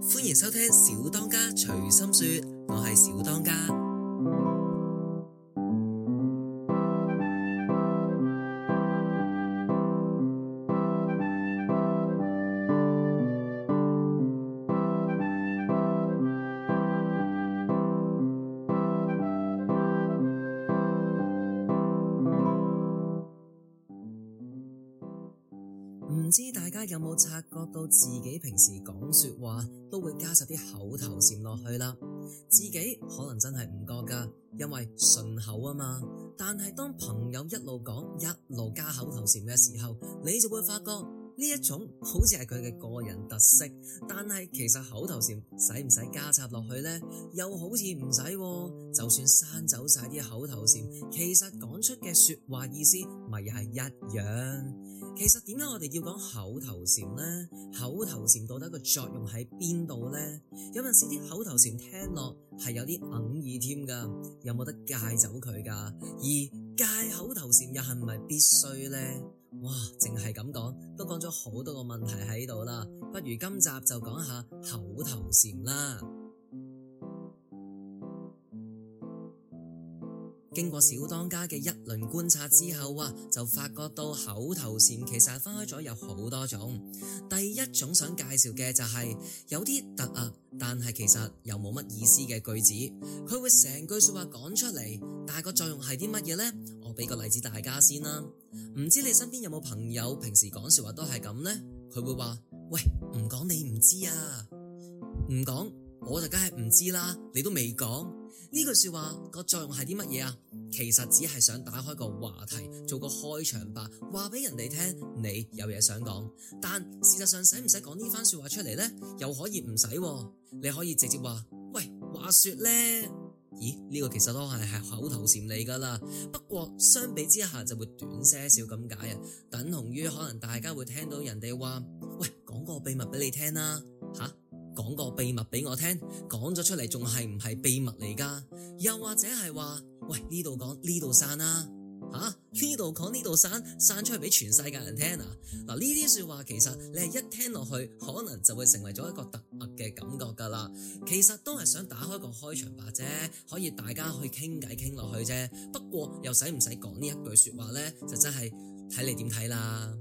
歡迎收聽小當家隨心說，我係小當家。自己平時講說話都會加咗啲口頭禪落去啦，自己可能真係唔覺㗎，因為順口啊嘛。但係當朋友一路講一路加口頭禪嘅時候，你就會發覺。呢一種好似係佢嘅個人特色，但係其實口頭禪使唔使加插落去呢？又好似唔使喎。就算刪走晒啲口頭禪，其實講出嘅説話意思咪又係一樣。其實點解我哋要講口頭禪呢？口頭禪到底個作用喺邊度呢？有陣時啲口頭禪聽落係有啲哽耳添㗎，有冇得戒走佢㗎？而戒口頭禪又係咪必須呢？哇，淨係咁講，都講咗好多個問題喺度啦。不如今集就講下口頭禪啦。經過小當家嘅一輪觀察之後啊，就發覺到口頭禪其實係分開咗有好多種。第一種想介紹嘅就係、是、有啲突兀，但係其實又冇乜意思嘅句子，佢會成句話說話講出嚟，但係個作用係啲乜嘢呢？俾個例子大家先啦、啊，唔知你身邊有冇朋友平時講説話都係咁呢？佢會話：喂，唔講你唔知啊，唔講我就梗係唔知啦。你都未講，呢句説話個作用係啲乜嘢啊？其實只係想打開個話題，做個開場白，話俾人哋聽你有嘢想講。但事實上使唔使講呢番説話出嚟呢？又可以唔使、啊，你可以直接話：喂，話説呢。」咦？呢個其實都係係口頭禪嚟噶啦，不過相比之下就會短些少咁解啊。等同於可能大家會聽到人哋話：喂，講個秘密畀你聽啦、啊，吓、啊，講個秘密畀我聽，講咗出嚟仲係唔係秘密嚟噶？又或者係話：喂，呢度講呢度散啦、啊。呢度講呢度散，散出去俾全世界人聽啊！嗱，呢啲說話其實你係一聽落去，可能就會成為咗一個突兀嘅感覺噶啦。其實都係想打開個開場白啫，可以大家去傾偈傾落去啫。不過又使唔使講呢一句說話呢？就真係睇你點睇啦。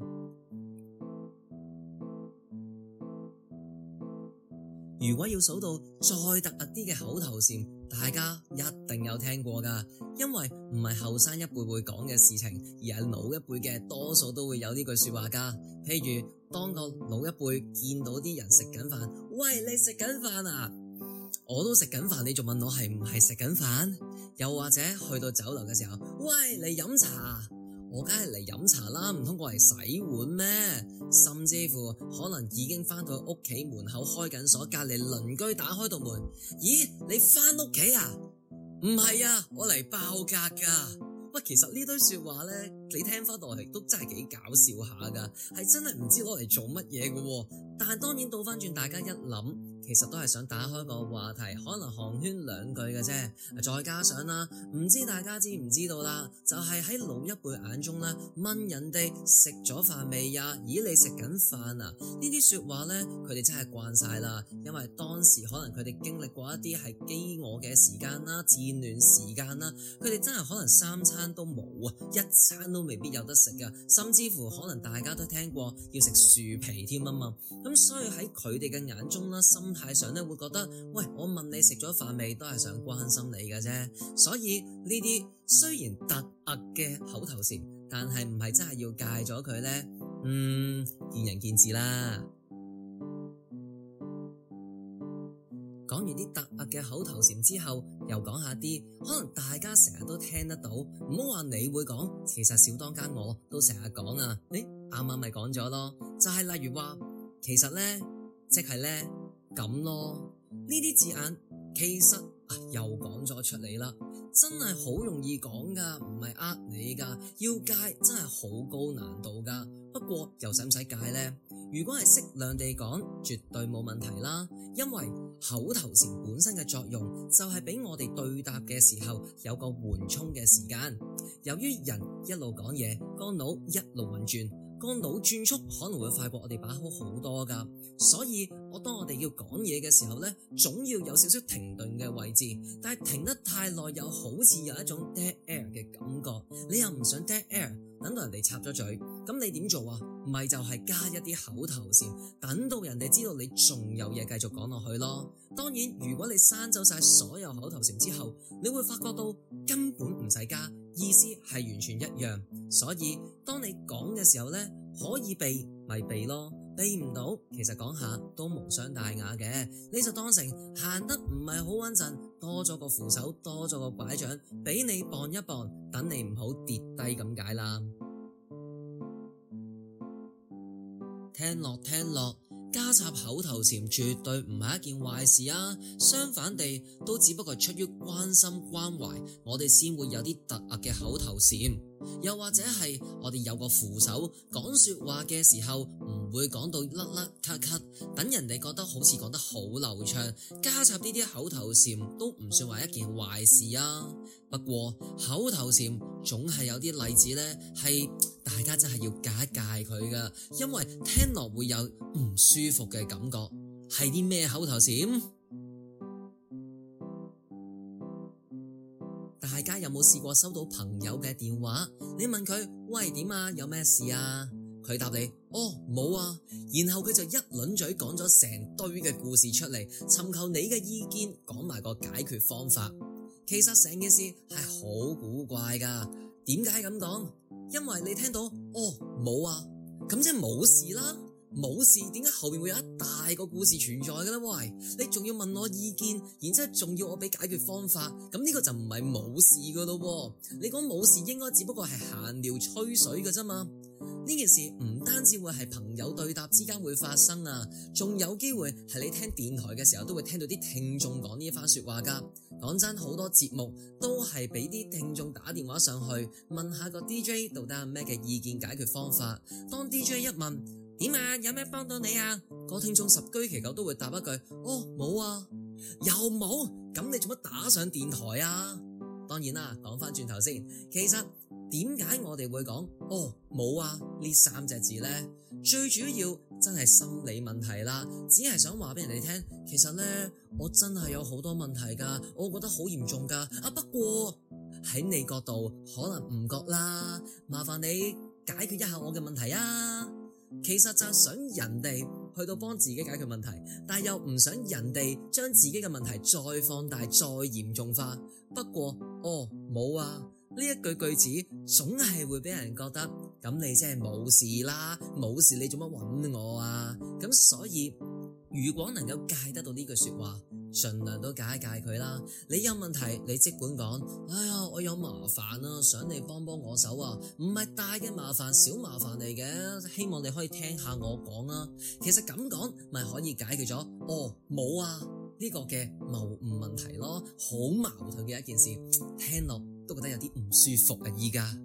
如果要數到再特別啲嘅口頭禪，大家一定有聽過噶，因為唔係後生一輩會講嘅事情，而係老一輩嘅，多數都會有呢句說話噶。譬如當個老一輩見到啲人食緊飯，喂，你食緊飯啊？我都食緊飯，你仲問我係唔係食緊飯？又或者去到酒樓嘅時候，喂，你飲茶啊？我梗係嚟飲茶啦，唔通我嚟洗碗咩？甚至乎可能已經翻到屋企門口開緊鎖，隔籬鄰居打開度門，咦？你翻屋企啊？唔係啊，我嚟爆格噶。喂，其實呢堆說話呢，你聽翻落嚟都真係幾搞笑下噶，係真係唔知攞嚟做乜嘢噶。但係當然倒翻轉，大家一諗。其實都係想打開個話題，可能寒暄兩句嘅啫。再加上啦，唔知大家知唔知道啦，就係、是、喺老一輩眼中咧，問人哋食咗飯未呀？咦，你食緊飯啊？呢啲說話咧，佢哋真係慣晒啦。因為當時可能佢哋經歷過一啲係飢餓嘅時間啦、戰亂時間啦，佢哋真係可能三餐都冇啊，一餐都未必有得食噶甚至乎可能大家都聽過要食樹皮添啊嘛。咁、嗯、所以喺佢哋嘅眼中啦，心係想咧，會覺得喂，我問你食咗飯未，都係想關心你嘅啫。所以呢啲雖然突兀嘅口頭禪，但係唔係真係要戒咗佢呢？嗯，見仁見智啦。講完啲突兀嘅口頭禪之後，又講下啲可能大家成日都聽得到，唔好話你會講，其實小當家我都成日講啊。誒、欸，啱啱咪講咗咯，就係例如話，其實呢，即係呢。咁咯，呢啲字眼其實、啊、又講咗出嚟啦，真係好容易講噶，唔係呃你噶。要戒真係好高難度噶，不過又使唔使戒呢？如果係適量地講，絕對冇問題啦。因為口頭禪本身嘅作用就係、是、俾我哋對答嘅時候有個緩衝嘅時間。由於人一路講嘢，個腦一路運轉，個腦轉速可能會快過我哋把口好多噶，所以。我當我哋要講嘢嘅時候呢，總要有少少停頓嘅位置，但係停得太耐又好似有一種 dead air 嘅感覺，你又唔想 dead air，等到人哋插咗嘴，咁你點做啊？咪就係加一啲口頭禪，等到人哋知道你仲有嘢繼續講落去咯。當然，如果你刪走晒所有口頭禪之後，你會發覺到根本唔使加，意思係完全一樣。所以當你講嘅時候呢，可以避，咪避咯。避唔到，其實講下都無傷大雅嘅，你就當成行得唔係好穩陣，多咗個扶手，多咗個拐杖，俾你傍一傍，等你唔好跌低咁解啦。聽落聽落，加插口頭禪絕對唔係一件壞事啊，相反地，都只不過出於關心關懷，我哋先會有啲突兀嘅口頭禪。又或者係我哋有個扶手，講說話嘅時候唔會講到甩甩咳咳，等人哋覺得好似講得好流暢，加插呢啲口頭禪都唔算話一件壞事啊。不過口頭禪總係有啲例子呢，係大家真係要戒一戒佢噶，因為聽落會有唔舒服嘅感覺。係啲咩口頭禪？試過收到朋友嘅電話，你問佢喂，點啊，有咩事啊？佢答你哦，冇啊，然後佢就一輪嘴講咗成堆嘅故事出嚟，尋求你嘅意見，講埋個解決方法。其實成件事係好古怪噶，點解咁講？因為你聽到哦，冇啊，咁即係冇事啦。冇事，點解後面會有一大個故事存在嘅咧？喂，你仲要問我意見，然之後仲要我俾解決方法，咁呢個就唔係冇事噶咯。你講冇事，應該只不過係閒聊吹水噶啫嘛。呢件事唔單止會係朋友對答之間會發生啊，仲有機會係你聽電台嘅時候都會聽到啲聽眾講呢一番說話噶。講真，好多節目都係俾啲聽眾打電話上去問下個 DJ 到底係咩嘅意見解決方法。當 DJ 一問。點啊？有咩幫到你啊？個聽眾十居其九都會答一句：哦，冇啊，又冇。咁你做乜打上電台啊？當然啦，講翻轉頭先，其實點解我哋會講哦冇啊呢三隻字呢？最主要真係心理問題啦，只係想話俾人哋聽。其實呢，我真係有好多問題噶，我覺得好嚴重噶。啊，不過喺你角度可能唔覺啦。麻煩你解決一下我嘅問題啊！其實就係想人哋去到幫自己解決問題，但又唔想人哋將自己嘅問題再放大、再嚴重化。不過哦，冇啊，呢一句句子總係會俾人覺得，咁你真係冇事啦，冇事你做乜揾我啊？咁所以如果能夠戒得到呢句說話。儘量都解一解佢啦。你有問題，你即管講。哎呀，我有麻煩啊，想你幫幫我手啊。唔係大嘅麻煩，小麻煩嚟嘅。希望你可以聽下我講啊。其實咁講，咪可以解決咗。哦，冇啊，呢個嘅謬誤問題咯，好矛盾嘅一件事，聽落都覺得有啲唔舒服啊，依家。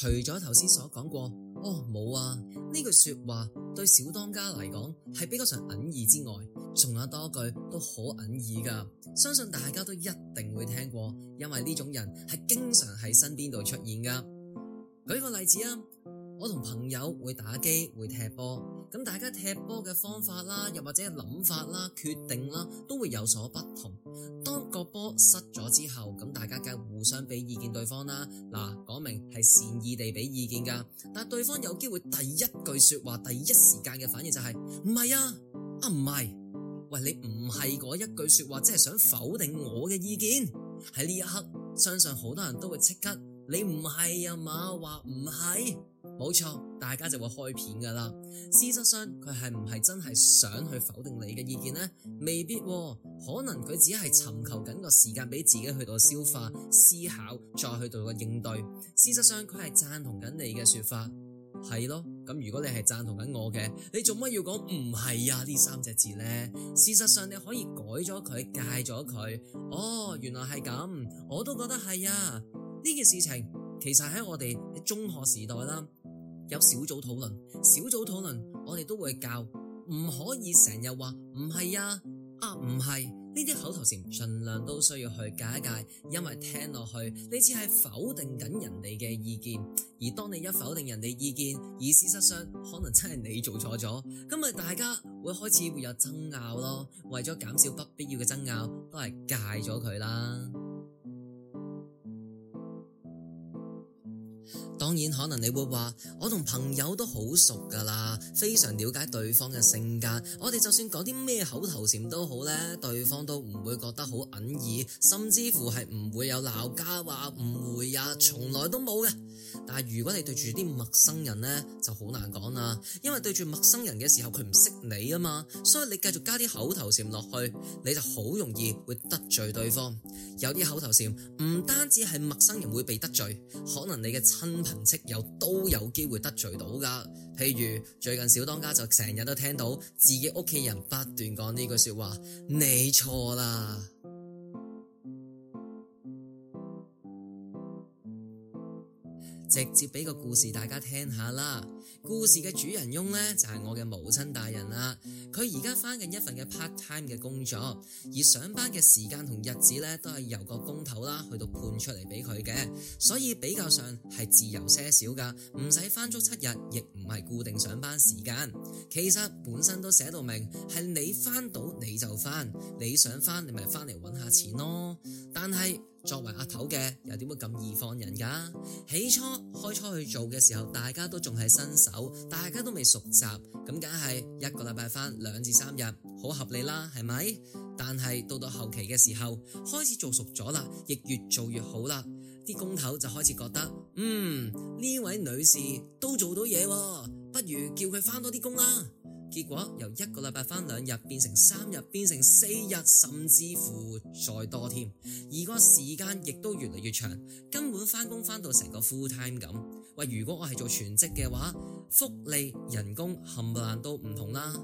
除咗頭先所講過，哦，冇啊，呢句說話對小當家嚟講係比較上引耳之外，仲有多句都好引耳噶。相信大家都一定會聽過，因為呢種人係經常喺身邊度出現噶。舉個例子啊，我同朋友會打機，會踢波。咁大家踢波嘅方法啦，又或者諗法啦、決定啦，都會有所不同。當個波失咗之後，咁大家梗係互相俾意見對方啦，嗱，講明係善意地俾意見噶。但係對方有機會第一句說話，第一時間嘅反應就係唔係啊，啊唔係，喂，你唔係嗰一句說話，即係想否定我嘅意見。喺呢一刻，相信好多人都會即刻，你唔係啊嘛，話唔係。冇錯，大家就會開片噶啦。事實上佢係唔係真係想去否定你嘅意見呢？未必，哦，可能佢只係尋求緊個時間俾自己去到消化、思考，再去到個應對。事實上佢係贊同緊你嘅說法，係咯，哦。咁如果你係贊同緊我嘅，你做乜要講「唔係呀」呢三隻字呢？事實上你可以改咗佢，戒咗佢。哦，原來係咁，我都覺得係呀，啊。呢件事情其實喺我哋中學時代啦。有小組討論，小組討論我哋都會教，唔可以成日話唔係呀，啊唔係呢啲口頭禪，盡量都需要去戒一戒，因為聽落去你只係否定緊人哋嘅意見，而當你一否定人哋意見，而事實上可能真係你做錯咗，咁咪大家會開始會有爭拗咯，為咗減少不必要嘅爭拗，都係戒咗佢啦。當然可能你會話我同朋友都好熟噶啦，非常了解對方嘅性格。我哋就算講啲咩口頭禪都好咧，對方都唔會覺得好哽耳，甚至乎係唔會有鬧交、話誤會啊，從來都冇嘅。但係如果你對住啲陌生人咧，就好難講啦，因為對住陌生人嘅時候佢唔識你啊嘛，所以你繼續加啲口頭禪落去，你就好容易會得罪對方。有啲口頭禪唔單止係陌生人會被得罪，可能你嘅親。親戚又都有機會得罪到㗎，譬如最近小當家就成日都聽到自己屋企人不斷講呢句說話，你錯啦。直接俾個故事大家聽下啦。故事嘅主人翁呢，就係我嘅母親大人啦、啊。佢而家翻緊一份嘅 part time 嘅工作，而上班嘅時間同日子呢，都係由個工頭啦去到判出嚟俾佢嘅，所以比較上係自由些少噶，唔使翻足七日，亦唔係固定上班時間。其實本身都寫到明，係你翻到你就翻，你想翻你咪翻嚟搵下錢咯。但係。作為阿頭嘅又點會咁易放人㗎？起初開初去做嘅時候，大家都仲係新手，大家都未熟習，咁梗係一個禮拜返兩至三日，好合理啦，係咪？但係到到後期嘅時候，開始做熟咗啦，亦越做越好啦，啲工頭就開始覺得，嗯，呢位女士都做到嘢喎，不如叫佢返多啲工啦。結果由一個禮拜翻兩日變成三日，變成四日，甚至乎再多添，而個時間亦都越嚟越長，根本翻工翻到成個 full time 咁。喂，如果我係做全職嘅話，福利、人工冚唪唥都唔同啦。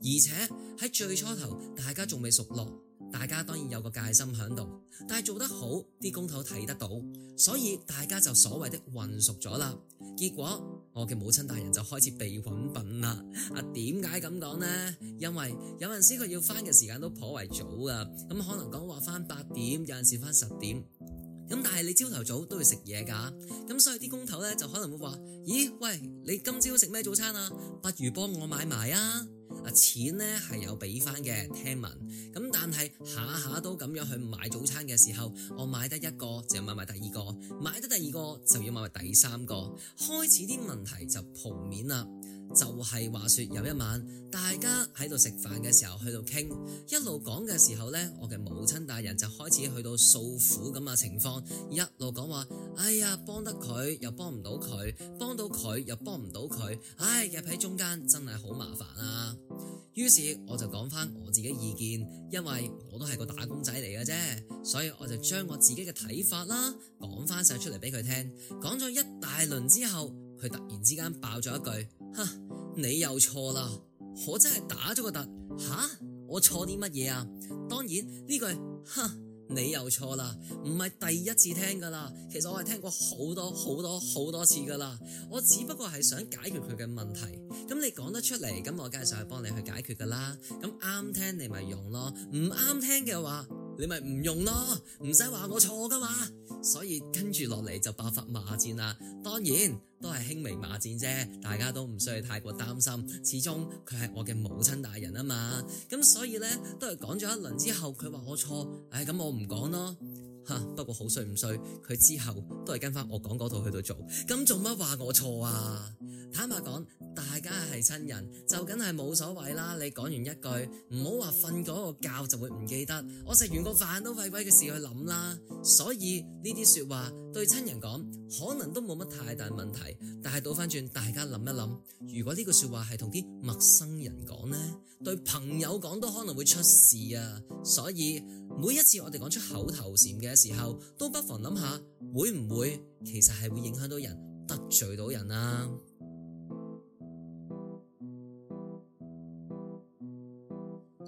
而且喺最初頭，大家仲未熟落，大家當然有個戒心響度，但係做得好，啲工頭睇得到，所以大家就所謂的混熟咗啦。結果。我嘅母親大人就開始被搵笨啦！啊，點解咁講呢？因為有陣時佢要返嘅時間都頗為早啊，咁可能講話返八點，有陣時返十點。咁但係你朝頭早上都要食嘢㗎，咁所以啲工頭咧就可能會話，咦，喂，你今朝食咩早餐啊？不如幫我買埋啊！啊，錢係有俾翻嘅，聽聞。但係下下都咁樣去買早餐嘅時候，我買得一個就要買埋第二個，買得第二個就要買埋第三個，開始啲問題就浮面啦。就係話說，有一晚，大家喺度食飯嘅時候，去到傾，一路講嘅時候呢，我嘅母親大人就開始去到訴苦咁嘅情況，一路講話，哎呀，幫得佢又幫唔到佢，幫到佢又幫唔到佢，唉，入喺中間真係好麻煩啊！於是我就講翻我自己意見，因為我都係個打工仔嚟嘅啫，所以我就將我自己嘅睇法啦，講翻晒出嚟俾佢聽，講咗一大輪之後，佢突然之間爆咗一句，哈！你又錯啦，我真係打咗個突，吓，我錯啲乜嘢啊？當然呢句，哼，你又錯啦，唔係第一次聽噶啦，其實我係聽過好多好多好多次噶啦，我只不過係想解決佢嘅問題，咁你講得出嚟，咁我梗係上去幫你去解決噶啦，咁啱聽你咪用咯，唔啱聽嘅話。你咪唔用咯，唔使話我錯㗎嘛，所以跟住落嚟，就爆發罵戰啦。當然都係輕微罵戰啫，大家都唔需要太過擔心，始終佢係我嘅母親大人啊嘛。咁所以呢，都係講咗一輪之後，佢話我錯，唉、哎，咁我唔講咯。不過好衰唔衰，佢之後都係跟翻我講嗰套去到做，咁做乜話我錯啊？坦白講，大家係親人，就梗係冇所謂啦。你講完一句，唔好話瞓嗰個覺就會唔記得，我食完個飯都費鬼嘅事去諗啦。所以呢啲說話對親人講，可能都冇乜太大問題。但係倒翻轉，大家諗一諗，如果呢個說話係同啲陌生人講呢，對朋友講都可能會出事啊。所以每一次我哋講出口頭禪嘅。嘅時候都不妨諗下，會唔會其實係會影響到人得罪到人啊？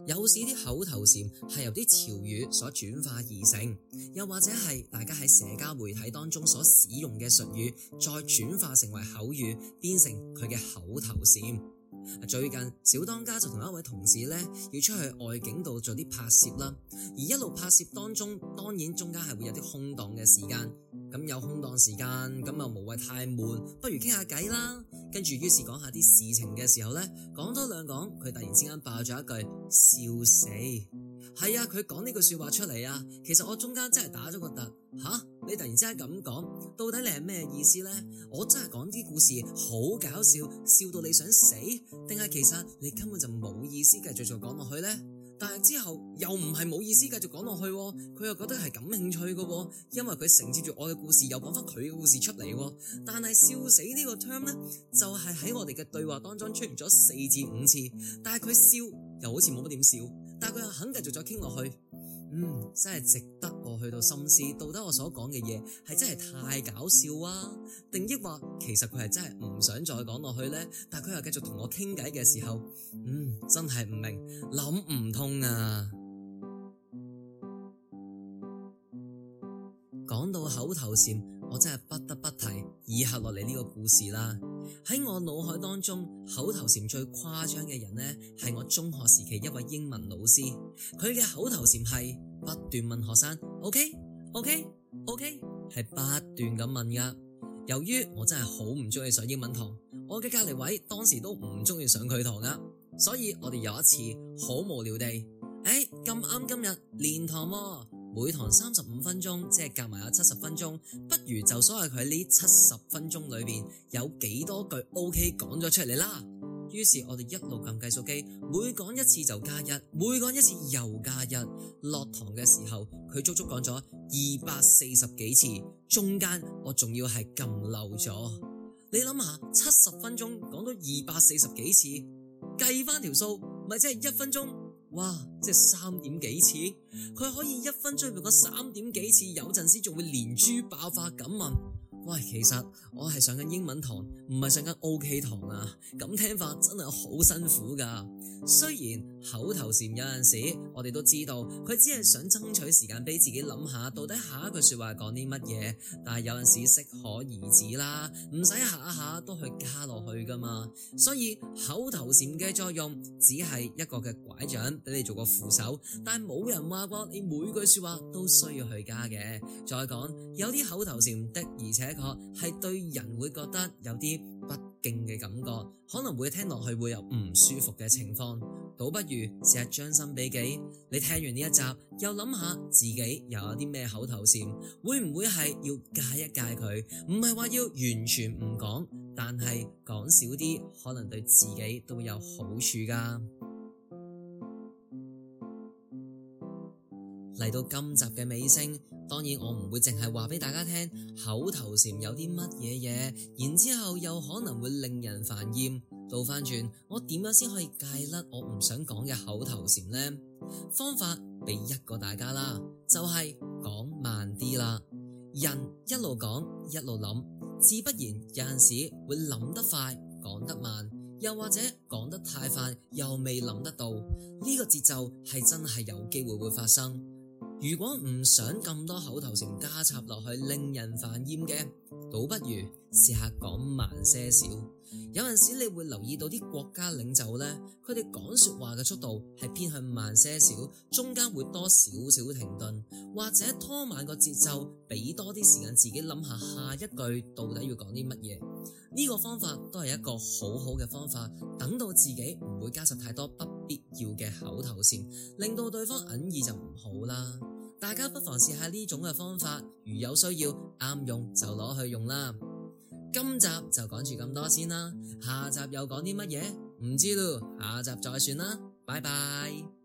有時啲口頭禪係由啲潮語所轉化而成，又或者係大家喺社交媒體當中所使用嘅術語，再轉化成為口語，變成佢嘅口頭禪。最近小當家就同一位同事咧，要出去外景度做啲拍攝啦，而一路拍攝當中，當然中間係會有啲空檔嘅時間，咁有空檔時間，咁就無謂太悶，不如傾下偈啦。跟住於是講下啲事情嘅時候咧，講多兩講，佢突然之間爆咗一句，笑死！係啊，佢講呢句說話出嚟啊，其實我中間真係打咗個突吓，你突然之間咁講，到底你係咩意思呢？我真係講啲故事好搞笑，笑到你想死，定係其實你根本就冇意思繼續再講落去呢？但係之後又唔係冇意思繼續講落去啊，佢又覺得係感興趣噶啊，因為佢承接住我嘅故事又講翻佢嘅故事出嚟啊。但係笑死呢個 term 咧，就係喺我哋嘅對話當中出現咗四至五次，但係佢笑又好似冇乜點笑。佢又肯繼續再傾落去，嗯，真係值得我去到心思。到底我所講嘅嘢係真係太搞笑啊？定抑或其實佢係真係唔想再講落去呢？但佢又繼續同我傾偈嘅時候，嗯，真係唔明，諗唔通啊！講到口頭禪，我真係不得不提以下落嚟呢個故事啦。喺我腦海當中，口頭禪最誇張嘅人呢，係我中學時期一位英文老師。佢嘅口頭禪係不斷問學生，OK？OK？OK？係不斷咁問噶。由於我真係好唔中意上英文堂，我嘅隔籬位當時都唔中意上佢堂噶，所以我哋有一次好無聊地，誒咁啱今日連堂喎。每堂三十五分鐘，即係夾埋有七十分鐘，不如就數下佢喺呢七十分鐘裏邊有幾多句 O.K. 講咗出嚟啦。於是，我哋一路撳計數機，每講一次就加一，每講一次又加一。落堂嘅時候，佢足足講咗二百四十幾次，中間我仲要係撳漏咗。你諗下，七十分鐘講到二百四十幾次，計翻條數，咪即係一分鐘。哇！即係三點幾次，佢可以一分鐘入個三點幾次，有陣時仲會連珠爆發咁問。喂，其實我係上緊英文堂，唔係上緊 O.K. 堂啊！咁聽法真係好辛苦㗎。雖然。口頭禪有陣時，我哋都知道佢只係想爭取時間俾自己諗下，到底下一句說話講啲乜嘢？但係有陣時適可而止啦，唔使下下都去加落去噶嘛。所以口頭禪嘅作用只係一個嘅拐杖，俾你做個扶手，但係冇人話過你每句說話都需要去加嘅。再講，有啲口頭禪的而且確係對人會覺得有啲不。嘅感覺，可能會聽落去會有唔舒服嘅情況，倒不如試下將心比己。你聽完呢一集，又諗下自己又有啲咩口頭禪，會唔會係要戒一戒佢？唔係話要完全唔講，但係講少啲，可能對自己都會有好處㗎。嚟到今集嘅尾聲，當然我唔會淨係話俾大家聽口頭禪有啲乜嘢嘢，然之後又可能會令人煩厭。倒翻轉，我點樣先可以戒甩我唔想講嘅口頭禪呢？方法俾一個大家啦，就係講慢啲啦。人一路講一路諗，自不然有陣時會諗得快，講得慢，又或者講得太快，又未諗得到呢個節奏，係真係有機會會發生。如果唔想咁多口頭禪加插落去，令人煩厭嘅，倒不如試下講慢些少。有陣時你會留意到啲國家領袖咧，佢哋講說話嘅速度係偏向慢些少，中間會多少少停頓，或者拖慢個節奏，俾多啲時間自己諗下下一句到底要講啲乜嘢。呢個方法都係一個好好嘅方法。等到自己唔會加插太多不。必要嘅口頭禪，令到對方哽耳，就唔好啦。大家不妨試下呢種嘅方法，如有需要啱用就攞去用啦。今集就講住咁多先啦，下集又講啲乜嘢？唔知咯，下集再算啦，拜拜。